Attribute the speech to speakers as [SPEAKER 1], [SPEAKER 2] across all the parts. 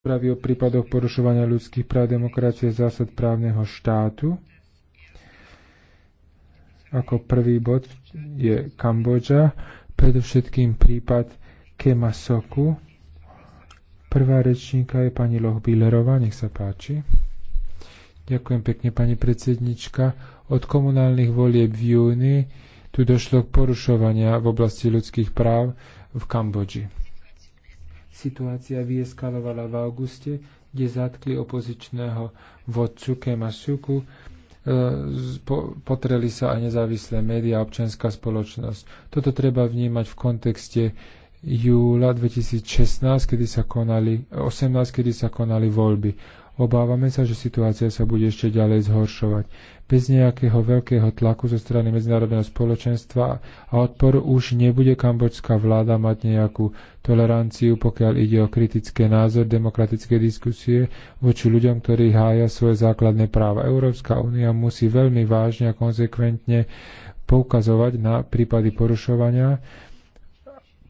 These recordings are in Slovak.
[SPEAKER 1] správy o prípadoch porušovania ľudských práv, demokracie, zásad právneho štátu. Ako prvý bod je Kambodža, predovšetkým prípad Kema Soku. Prvá rečníka je pani Lochbílerová, nech sa páči. Ďakujem pekne, pani predsednička. Od komunálnych volieb v júni tu došlo k porušovania v oblasti ľudských práv v Kambodži Situácia vyeskalovala v auguste, kde zatkli opozičného vodcu Kema Suku, e, potreli sa aj nezávislé médiá a občianská spoločnosť. Toto treba vnímať v kontexte júla 2016, kedy sa konali, 18, kedy sa konali voľby. Obávame sa, že situácia sa bude ešte ďalej zhoršovať. Bez nejakého veľkého tlaku zo strany medzinárodného spoločenstva a odporu už nebude kambočská vláda mať nejakú toleranciu, pokiaľ ide o kritické názor, demokratické diskusie voči ľuďom, ktorí hája svoje základné práva. Európska únia musí veľmi vážne a konsekventne poukazovať na prípady porušovania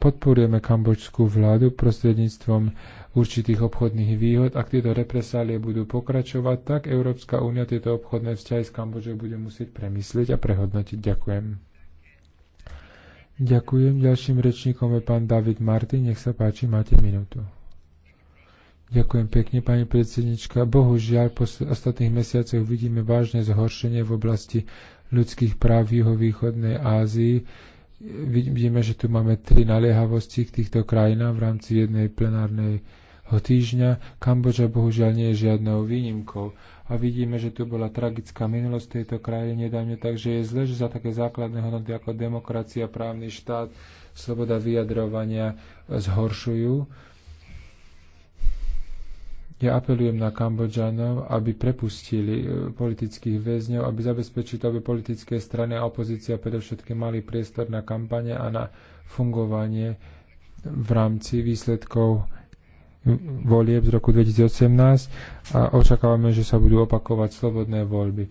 [SPEAKER 1] podporujeme kambočskú vládu prostredníctvom určitých obchodných výhod. Ak tieto represálie budú pokračovať, tak Európska únia tieto obchodné vzťahy s Kambodžou bude musieť premyslieť a prehodnotiť. Ďakujem. Ďakujem. Ďalším rečníkom je pán David Martin. Nech sa páči, máte minútu. Ďakujem pekne, pani predsednička. Bohužiaľ, po ostatných mesiacoch vidíme vážne zhoršenie v oblasti ľudských práv v juhovýchodnej Ázii Vidíme, že tu máme tri naliehavosti k týchto krajinám v rámci jednej plenárnej týždňa. Kambodža bohužiaľ nie je žiadnou výnimkou. A vidíme, že tu bola tragická minulosť tejto krajiny nedávne, takže je zle, že za také základné hodnoty ako demokracia, právny štát, sloboda vyjadrovania zhoršujú ja apelujem na Kambodžanov, aby prepustili e, politických väzňov, aby zabezpečili, aby politické strany a opozícia predovšetkým mali priestor na kampane a na fungovanie v rámci výsledkov volieb z roku 2018 a očakávame, že sa budú opakovať slobodné voľby.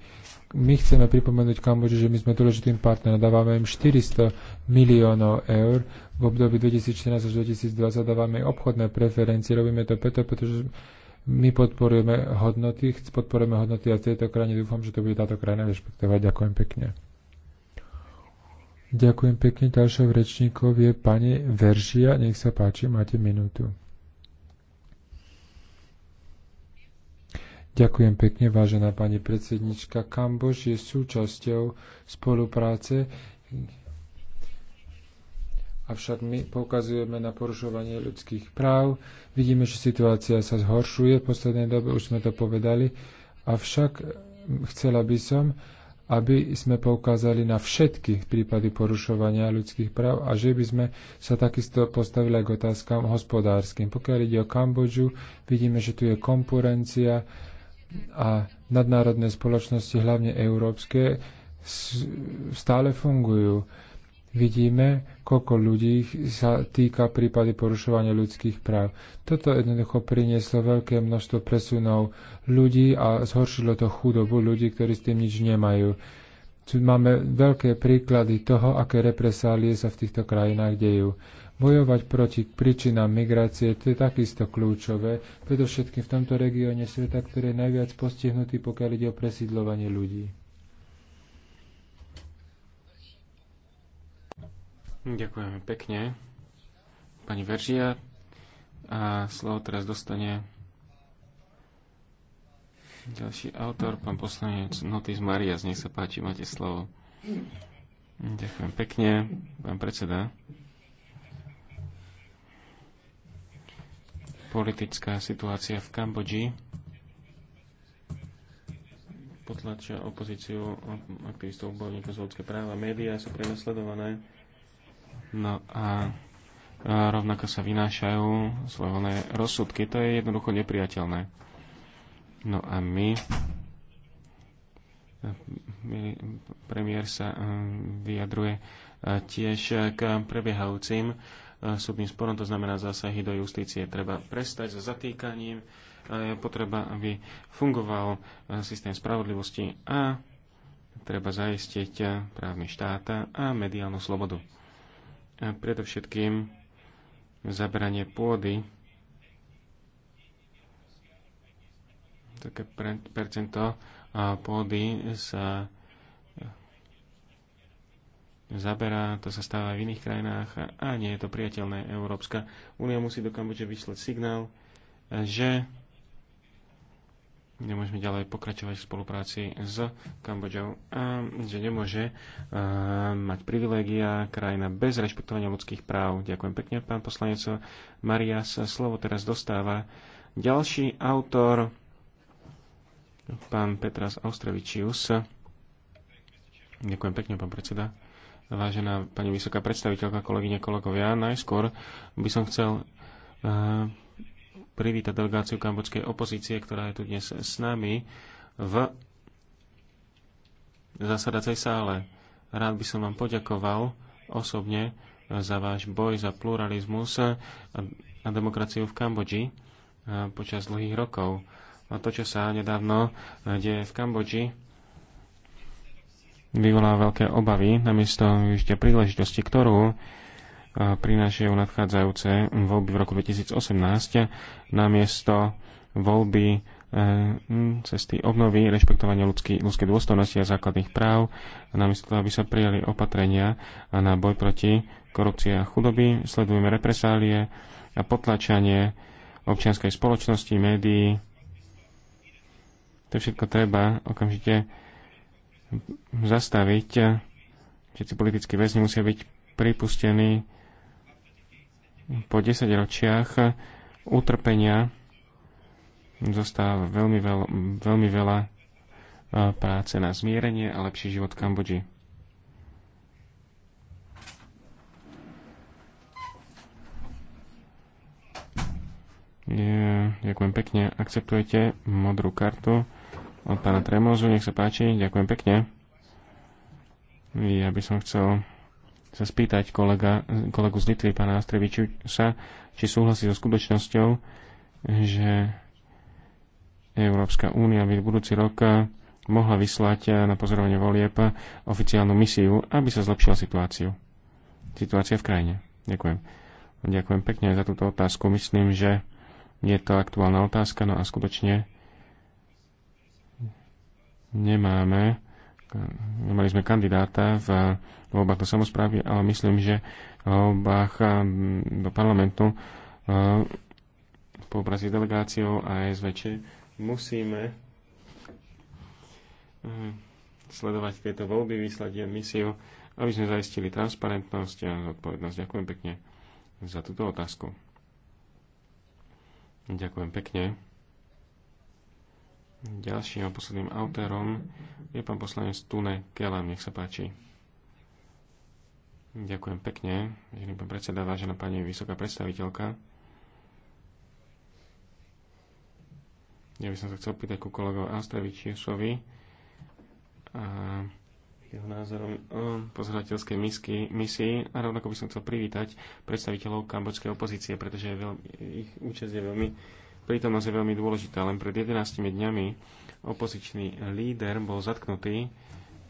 [SPEAKER 1] My chceme pripomenúť Kambodži, že my sme dôležitým partnerom. Dávame im 400 miliónov eur. V období 2014 až 2020 dávame obchodné preferencie. Robíme to preto, pretože my podporujeme hodnoty, podporujeme hodnoty a tejto krajine dúfam, že to bude táto krajina rešpektovať. Ďakujem pekne. Ďakujem pekne. Ďalšou rečníkov je pani Veržia. Nech sa páči, máte minútu. Ďakujem pekne, vážená pani predsednička. Kambož je súčasťou spolupráce Avšak my poukazujeme na porušovanie ľudských práv. Vidíme, že situácia sa zhoršuje. V poslednej dobe už sme to povedali. Avšak chcela by som, aby sme poukázali na všetky prípady porušovania ľudských práv a že by sme sa takisto postavili k otázkam hospodárskym. Pokiaľ ide o Kambodžu, vidíme, že tu je konkurencia a nadnárodné spoločnosti, hlavne európske, stále fungujú vidíme, koľko ľudí sa týka prípady porušovania ľudských práv. Toto jednoducho prinieslo veľké množstvo presunov ľudí a zhoršilo to chudobu ľudí, ktorí s tým nič nemajú. Tu máme veľké príklady toho, aké represálie sa v týchto krajinách dejú. Bojovať proti príčinám migrácie, to je takisto kľúčové, predovšetkým v tomto regióne sveta, ktorý je najviac postihnutý, pokiaľ ide o presídlovanie ľudí.
[SPEAKER 2] Ďakujeme pekne. Pani Veržia. A slovo teraz dostane ďalší autor, pán poslanec Notis Marias. Nech sa páči, máte slovo. Ďakujem pekne, pán predseda. Politická situácia v Kambodži potlačia opozíciu aktivistov, bojovníkov za ľudské práva. Média sú prenasledované No a rovnako sa vynášajú svoje rozsudky. To je jednoducho nepriateľné. No a my, premiér sa e, vyjadruje e, tiež k prebiehajúcim e, súdnym sporom, to znamená zásahy do justície. Treba prestať so zatýkaním, je potreba, aby fungoval systém spravodlivosti a treba zaistiť právny štáta a mediálnu slobodu a predovšetkým zabranie pôdy. Také percento pôdy sa zaberá, to sa stáva v iných krajinách a, a nie je to priateľné. Európska únia musí do Kambodže vyslať signál, že nemôžeme ďalej pokračovať v spolupráci s Kambodžou a že nemôže uh, mať privilégia krajina bez rešpektovania ľudských práv. Ďakujem pekne, pán poslanec Marias. Slovo teraz dostáva ďalší autor, pán Petras Austrevičius. Ďakujem pekne, pán predseda. Vážená pani vysoká predstaviteľka, kolegyne, kolegovia, najskôr by som chcel uh, privítať delegáciu Kambodžskej opozície, ktorá je tu dnes s nami v zasadacej sále. Rád by som vám poďakoval osobne za váš boj za pluralizmus a demokraciu v Kambodži počas dlhých rokov. A to, čo sa nedávno deje v Kambodži, vyvolá veľké obavy, namiesto ešte príležitosti, ktorú prinášajú nadchádzajúce voľby v roku 2018 namiesto voľby e, cesty obnovy, rešpektovania ľudskej, ľudskej dôstojnosti a základných práv, namiesto toho, aby sa prijali opatrenia na boj proti korupcii a chudoby. Sledujeme represálie a potlačanie občianskej spoločnosti, médií. To všetko treba okamžite zastaviť. Všetci politickí väzni musia byť pripustení po 10 ročiach utrpenia zostáva veľmi, veľ, veľmi veľa e, práce na zmierenie a lepší život Kambodži. Yeah, ďakujem pekne. Akceptujete modrú kartu od pána Tremozu. Nech sa páči. Ďakujem pekne. Ja by som chcel sa spýtať kolega, kolegu z Litvy, pána sa, či súhlasí so skutočnosťou, že Európska únia by v budúci rok mohla vyslať na pozorovanie volieb oficiálnu misiu, aby sa zlepšila situáciu. Situácia v krajine. Ďakujem. Ďakujem pekne za túto otázku. Myslím, že je to aktuálna otázka, no a skutočne nemáme, nemali sme kandidáta v voľbách do samozprávy, ale myslím, že voľbách eh, do parlamentu eh, po obrazí s delegáciou a SVČ musíme eh, sledovať tieto voľby, vyslať misiu, aby sme zaistili transparentnosť a zodpovednosť. Ďakujem pekne za túto otázku. Ďakujem pekne. Ďalším a posledným autorom je pán poslanec Tune Kelam. Nech sa páči. Ďakujem pekne, vážený pán predseda, vážená pani vysoká predstaviteľka. Ja by som sa chcel pýtať ku kolegovi Astrevičiusovi a jeho názorom o pozorovateľskej misii a rovnako by som chcel privítať predstaviteľov kambočskej opozície, pretože je veľmi, ich účasť je veľmi prítomnosť je veľmi dôležitá. Len pred 11 dňami opozičný líder bol zatknutý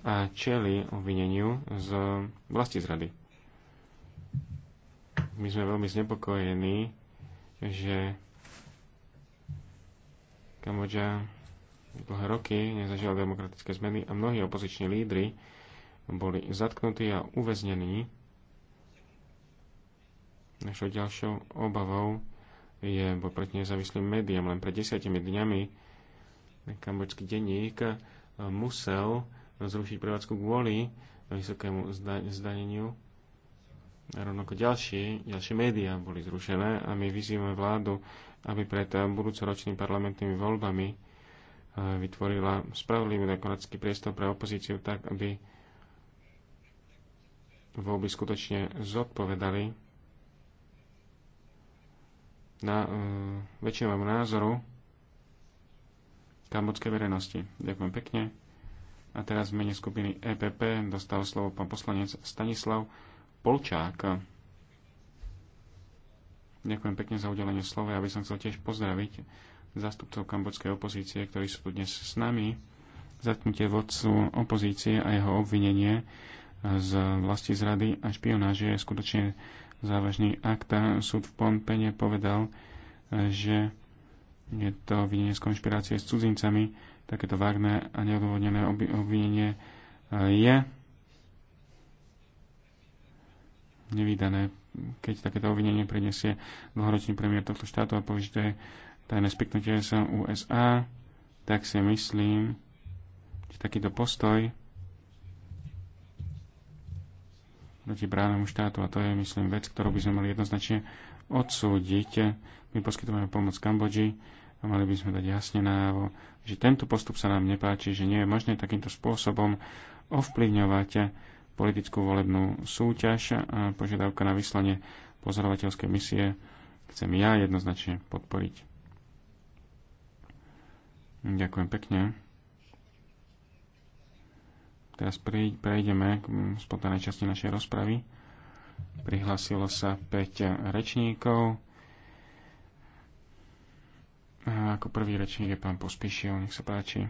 [SPEAKER 2] a čeli obvineniu z vlasti zrady my sme veľmi znepokojení, že Kambodža dlhé roky nezažila demokratické zmeny a mnohí opoziční lídry boli zatknutí a uväznení. Našou ďalšou obavou je boj proti nezávislým médiám. Len pred desiatimi dňami kambočský denník eh, musel zrušiť prevádzku kvôli vysokému zdaneniu a rovnako ďalší, ďalšie médiá boli zrušené a my vyzývame vládu, aby pred budúcoročnými parlamentnými voľbami eh, vytvorila spravodlivý demokratický priestor pre opozíciu tak, aby voľby skutočne zodpovedali na uh, väčšinovému názoru kambodskej verejnosti. Ďakujem pekne. A teraz v mene skupiny EPP dostal slovo pán poslanec Stanislav Polčáka. Ďakujem pekne za udelenie slova. Ja by som chcel tiež pozdraviť zastupcov kambodskej opozície, ktorí sú tu dnes s nami. Zatknutie vodcu opozície a jeho obvinenie z vlasti zrady a špionáže je skutočne závažný akt. Súd v Pompene povedal, že je to obvinenie z konšpirácie s cudzincami. Takéto vágne a neodôvodnené obvinenie eh, je nevydané, keď takéto obvinenie prinesie dlhoročný premiér tohto štátu a povie, že to je tajné spiknutie sa USA, tak si myslím, že takýto postoj proti právnemu štátu, a to je, myslím, vec, ktorú by sme mali jednoznačne odsúdiť. My poskytujeme pomoc Kambodži a mali by sme dať jasne návo, že tento postup sa nám nepáči, že nie je možné takýmto spôsobom ovplyvňovať politickú volebnú súťaž a požiadavka na vyslanie pozorovateľskej misie chcem ja jednoznačne podporiť. Ďakujem pekne. Teraz prejdeme k spontánej časti našej rozpravy. Prihlasilo sa 5 rečníkov. A ako prvý rečník je pán Pospíšil, nech sa páči.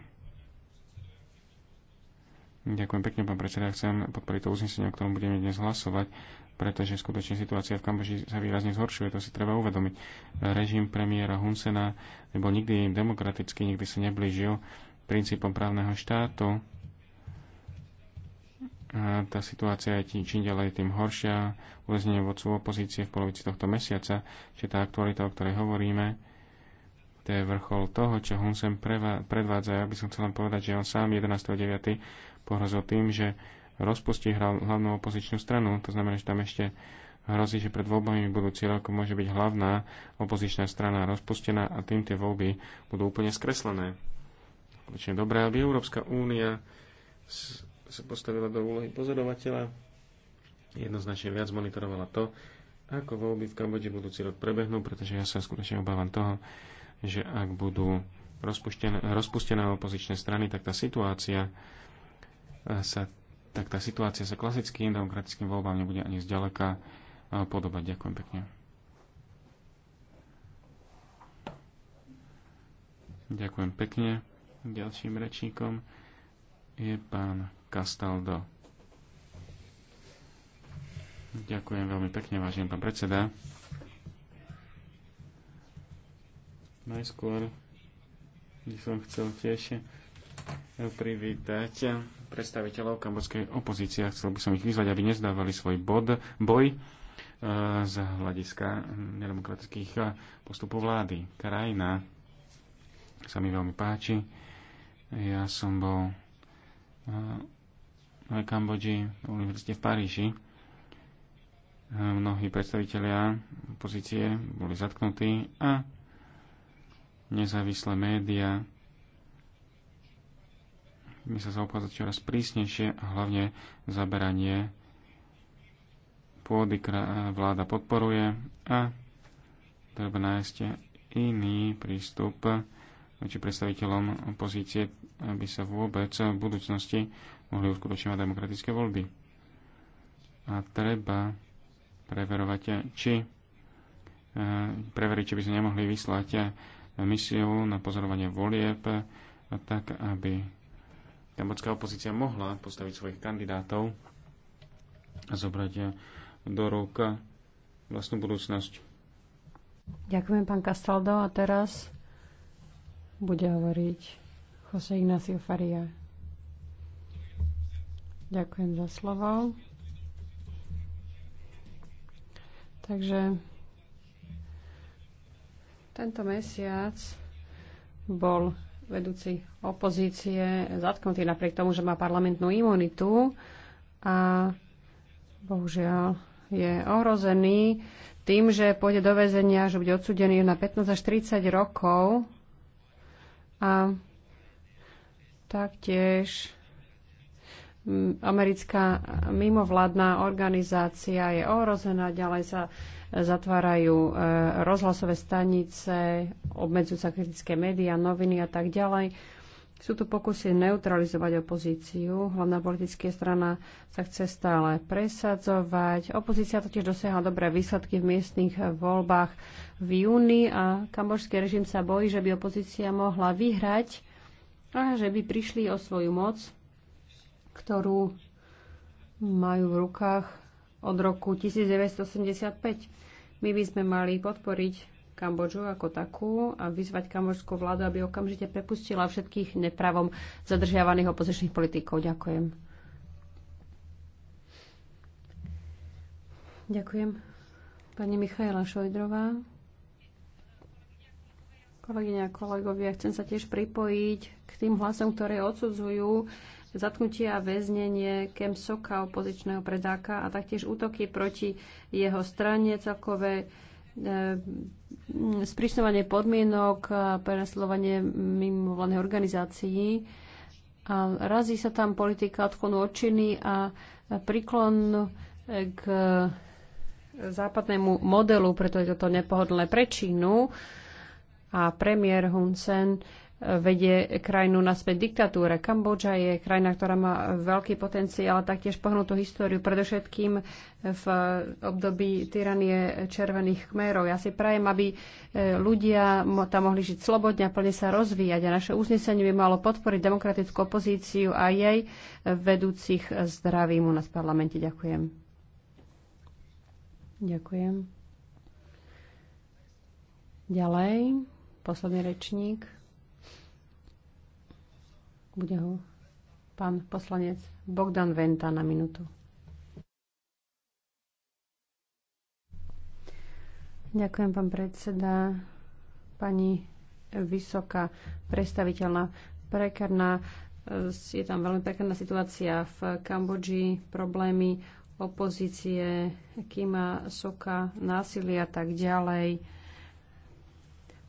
[SPEAKER 2] Ďakujem pekne, pán predseda. Chcem podporiť to uznesenie, o ktorom budeme dnes hlasovať, pretože skutočne situácia v Kambodži sa výrazne zhoršuje, to si treba uvedomiť. Režim premiéra Hunsena nebol nikdy demokratický, nikdy sa neblížil princípom právneho štátu. A tá situácia je tým, čím ďalej tým horšia. Uväznenie vodcu opozície v polovici tohto mesiaca, či tá aktualita, o ktorej hovoríme, to je vrchol toho, čo Hunsen predvádza. Ja by som chcel len povedať, že on sám 11.9 pohrozil tým, že rozpustí hlavnú opozičnú stranu. To znamená, že tam ešte hrozí, že pred voľbami budúci rok môže byť hlavná opozičná strana rozpustená a tým tie voľby budú úplne skreslené. Skutočne dobré, aby Európska únia sa postavila do úlohy pozorovateľa, jednoznačne viac monitorovala to, ako voľby v Kambodži budúci rok prebehnú, pretože ja sa skutočne obávam toho, že ak budú rozpustené, rozpustené opozičné strany, tak tá situácia sa, tak tá situácia sa klasickým demokratickým voľbám nebude ani zďaleka e, podobať. Ďakujem pekne. Ďakujem pekne. Ďalším rečníkom je pán Castaldo. Ďakujem veľmi pekne, vážený pán predseda. Najskôr by som chcel tiež privítať predstaviteľov kambodskej opozície. Chcel by som ich vyzvať, aby nezdávali svoj bod, boj eh, z hľadiska nedemokratických eh, postupov vlády. Krajina sa mi veľmi páči. Ja som bol v eh, Kambodži, na univerzite v Paríži. Mnohí predstavitelia opozície boli zatknutí a nezávislé médiá my sa zaobchádzať čoraz prísnejšie a hlavne zaberanie pôdy vláda podporuje a treba nájsť iný prístup či predstaviteľom opozície, aby sa vôbec v budúcnosti mohli uskutočňovať demokratické voľby. A treba preverovať, či e, preveriť, či by sme nemohli vyslať misiu na pozorovanie volieb, tak aby kambodžská opozícia mohla postaviť svojich kandidátov a zobrať do rúk vlastnú budúcnosť.
[SPEAKER 3] Ďakujem, pán Castaldo. A teraz bude hovoriť Jose Ignacio Faria. Ďakujem za slovo. Takže tento mesiac bol vedúci opozície zatknutý napriek tomu, že má parlamentnú imunitu a bohužiaľ je ohrozený tým, že pôjde do väzenia, že bude odsudený na 15 až 30 rokov a taktiež mm, americká mimovládna organizácia je ohrozená, ďalej sa zatvárajú e, rozhlasové stanice, obmedzujú sa kritické médiá, noviny a tak ďalej. Sú tu pokusy neutralizovať opozíciu. Hlavná politická strana sa chce stále presadzovať. Opozícia totiž dosiahla dobré výsledky v miestnych voľbách v júni a kambožský režim sa bojí, že by opozícia mohla vyhrať a že by prišli o svoju moc, ktorú majú v rukách od roku 1985. My by sme mali podporiť Kambodžu ako takú a vyzvať kambožskú vládu, aby okamžite prepustila všetkých nepravom zadržiavaných opozičných politikov. Ďakujem. Ďakujem. Pani Michaela Šojdrová. Kolegyňa a kolegovia, chcem sa tiež pripojiť k tým hlasom, ktoré odsudzujú zatknutie a väznenie Kem Soka, opozičného predáka a taktiež útoky proti jeho strane, celkové e, sprísňovanie podmienok, prenasledovanie mimovládnych organizácií. A razí sa tam politika odklonu od a príklon e, k západnému modelu, preto je toto nepohodlné pre Čínu. A premiér Hun Sen vedie krajinu naspäť diktatúre. Kambodža je krajina, ktorá má veľký potenciál, taktiež pohnutú históriu, predovšetkým v období tyranie červených kmerov. Ja si prajem, aby e, ľudia tam mohli žiť slobodne a plne sa rozvíjať. A naše uznesenie by malo podporiť demokratickú opozíciu a jej vedúcich zdravím u nás v parlamente. Ďakujem. Ďakujem. Ďalej, posledný rečník. Bude ho pán poslanec Bogdan Venta na minútu. Ďakujem, pán predseda. Pani vysoká predstaviteľná prekarná. E, je tam veľmi prekarná situácia v Kambodži, problémy opozície, Kima Soka, násilia a tak ďalej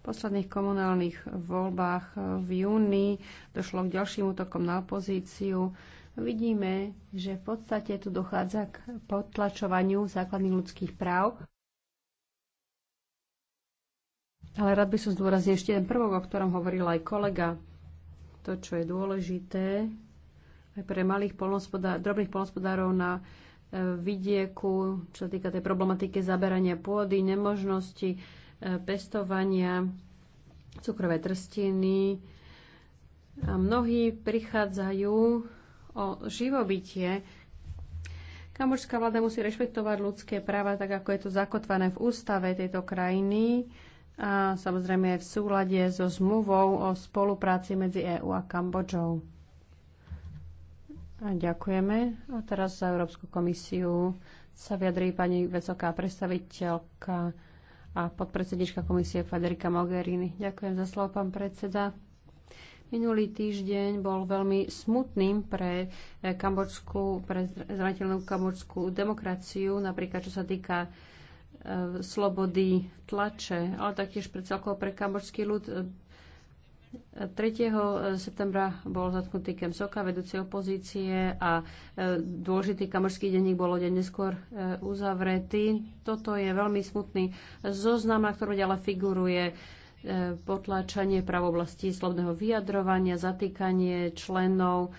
[SPEAKER 3] posledných komunálnych voľbách eh, v júni došlo k ďalším útokom na opozíciu. Vidíme, že v podstate tu dochádza k potlačovaniu základných ľudských práv. Ale rád by som zdôraznil ešte jeden prvok, o ktorom hovoril aj kolega. To, čo je dôležité aj pre malých polnospodárov, drobných polnospodárov na eh, vidieku, čo sa týka tej problematiky zaberania pôdy, nemožnosti pestovania cukrovej trstiny. A mnohí prichádzajú o živobytie. Kambočská vláda musí rešpektovať ľudské práva, tak ako je to zakotvané v ústave tejto krajiny a samozrejme aj v súlade so zmluvou o spolupráci medzi EÚ a Kambodžou. A ďakujeme. A teraz za Európsku komisiu sa vyjadrí pani vysoká predstaviteľka a podpredsedička komisie Federica Mogherini. Ďakujem za slovo, pán predseda. Minulý týždeň bol veľmi smutným pre eh, kambočskú, pre zraniteľnú kambočskú demokraciu, napríklad čo sa týka eh, slobody tlače, ale taktiež pre celkovo pre kambočský ľud 3. septembra bol zatknutý Kem Soka, vedúci opozície a e, dôležitý kamorský denník bol deň neskôr e, uzavretý. Toto je veľmi smutný zoznam, na ktorom ďalej figuruje e, potláčanie práv oblasti slobného vyjadrovania, zatýkanie členov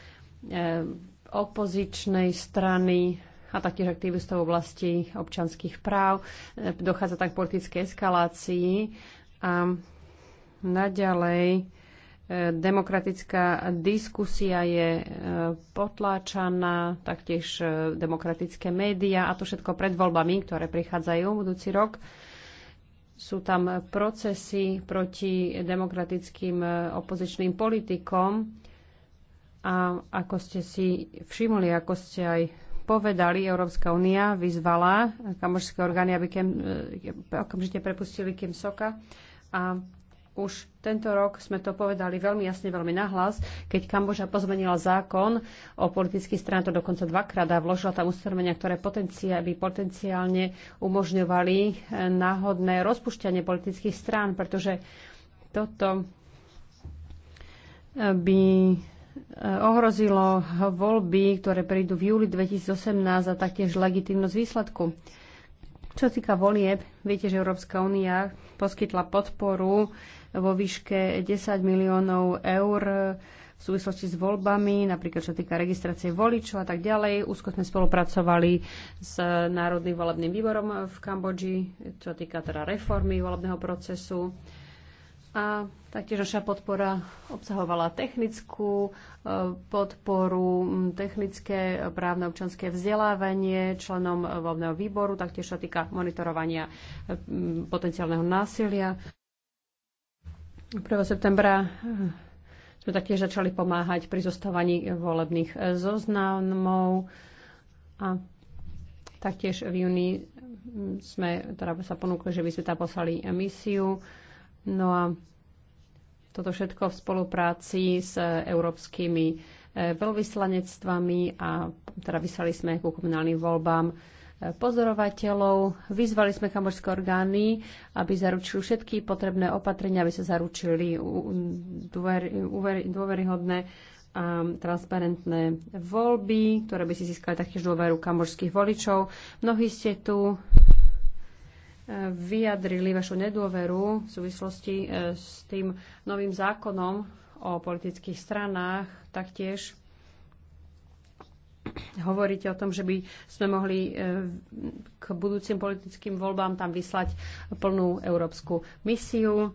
[SPEAKER 3] opozičnej strany a taktiež aktivistov v oblasti občanských práv. Dochádza tak k politickej eskalácii a naďalej Demokratická diskusia je e, potláčaná, taktiež e, demokratické médiá a to všetko pred voľbami, ktoré prichádzajú budúci rok. Sú tam procesy proti demokratickým e, opozičným politikom a ako ste si všimli, ako ste aj povedali, Európska únia vyzvala kamožské orgány, aby kem, okamžite prepustili Kim Soka a už tento rok sme to povedali veľmi jasne, veľmi nahlas, keď Kamboža pozmenila zákon o politických strán, to dokonca dvakrát a vložila tam ustanovenia, ktoré potencia, by potenciálne umožňovali eh, náhodné rozpušťanie politických strán, pretože toto eh, by eh, ohrozilo voľby, ktoré prídu v júli 2018 a taktiež legitimnosť výsledku. Čo sa týka volieb, viete, že Európska únia poskytla podporu vo výške 10 miliónov eur v súvislosti s voľbami, napríklad čo týka registrácie voličov a tak ďalej. Úzko sme spolupracovali s Národným volebným výborom v Kambodži, čo týka teda reformy volebného procesu. A taktiež naša podpora obsahovala technickú e, podporu, technické právne občanské vzdelávanie členom voľného výboru, taktiež sa týka monitorovania e, potenciálneho násilia. 1. septembra e, sme taktiež začali pomáhať pri zostávaní volebných zoznamov a taktiež v júni sme teda sa ponúkli, že by sme tam poslali misiu No a toto všetko v spolupráci s európskymi e, veľvyslanectvami a teda vyslali sme ku komunálnym voľbám e, pozorovateľov. Vyzvali sme kamorské orgány, aby zaručili všetky potrebné opatrenia, aby sa zaručili dôveryhodné a transparentné voľby, ktoré by si získali taktiež dôveru kamorských voličov. Mnohí ste tu vyjadrili vašu nedôveru v súvislosti e, s tým novým zákonom o politických stranách. Taktiež hovoríte o tom, že by sme mohli e, k budúcim politickým voľbám tam vyslať plnú európsku misiu.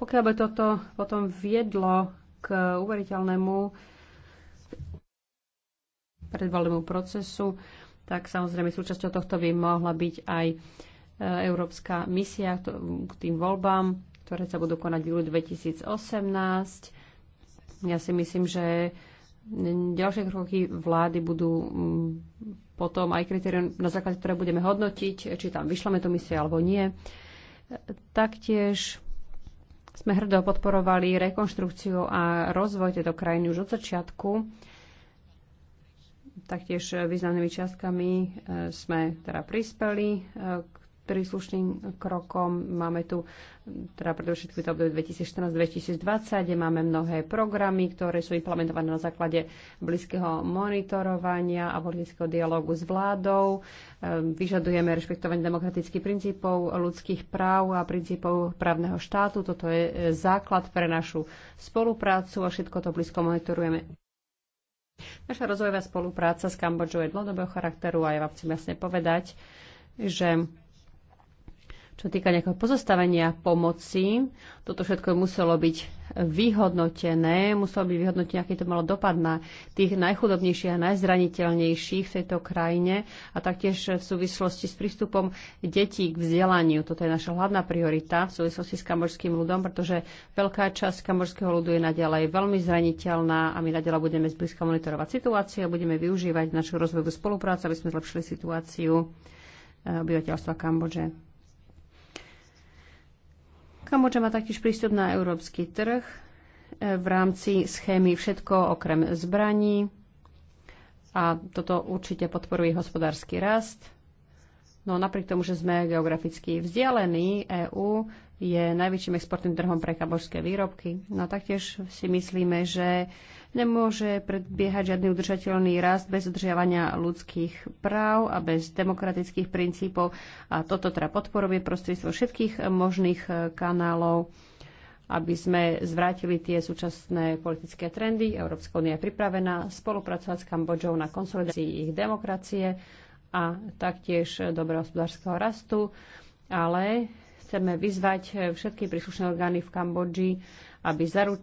[SPEAKER 3] Pokiaľ by toto potom viedlo k uveriteľnému predvolnému procesu, tak samozrejme súčasťou tohto by mohla byť aj E, európska misia k tým voľbám, ktoré sa budú konať v júli 2018. Ja si myslím, že ďalšie kroky vlády budú mm, potom aj kritérium, na základe ktoré budeme hodnotiť, či tam vyšleme tú misiu alebo nie. Taktiež sme hrdo podporovali rekonštrukciu a rozvoj tejto krajiny už od začiatku. Taktiež významnými čiastkami e, sme teda prispeli e, k príslušným krokom. Máme tu teda predovšetkým to obdobie 2014-2020, kde máme mnohé programy, ktoré sú implementované na základe blízkeho monitorovania a politického dialogu s vládou. Ehm, vyžadujeme rešpektovanie demokratických princípov, ľudských práv a princípov právneho štátu. Toto je e, základ pre našu spoluprácu a všetko to blízko monitorujeme Naša rozvojová spolupráca s Kambodžou je dlhodobého charakteru a ja vám chcem jasne povedať, že čo týka nejakého pozostavenia pomoci, toto všetko muselo byť vyhodnotené, muselo byť vyhodnotené, aký to malo dopad na tých najchudobnejších a najzraniteľnejších v tejto krajine a taktiež v súvislosti s prístupom detí k vzdelaniu. Toto je naša hlavná priorita v súvislosti s kamorským ľudom, pretože veľká časť kamorského ľudu je naďalej veľmi zraniteľná a my naďalej budeme zblízka monitorovať situáciu a budeme využívať našu rozvojovú spoluprácu, aby sme zlepšili situáciu obyvateľstva Kambodže. Kambodža má taktiež prístup na európsky trh e, v rámci schémy všetko okrem zbraní a toto určite podporuje hospodársky rast. No napriek tomu, že sme geograficky vzdialení, EÚ je najväčším exportným trhom pre kambožské výrobky. No taktiež si myslíme, že Nemôže predbiehať žiadny udržateľný rast bez udržiavania ľudských práv a bez demokratických princípov. A toto teda podporuje prostredstvo všetkých možných kanálov aby sme zvrátili tie súčasné politické trendy. Európska únia je pripravená spolupracovať s Kambodžou na konsolidácii ich demokracie a taktiež dobrého hospodárskeho rastu, ale chceme vyzvať všetky príslušné orgány v Kambodži, aby zaručili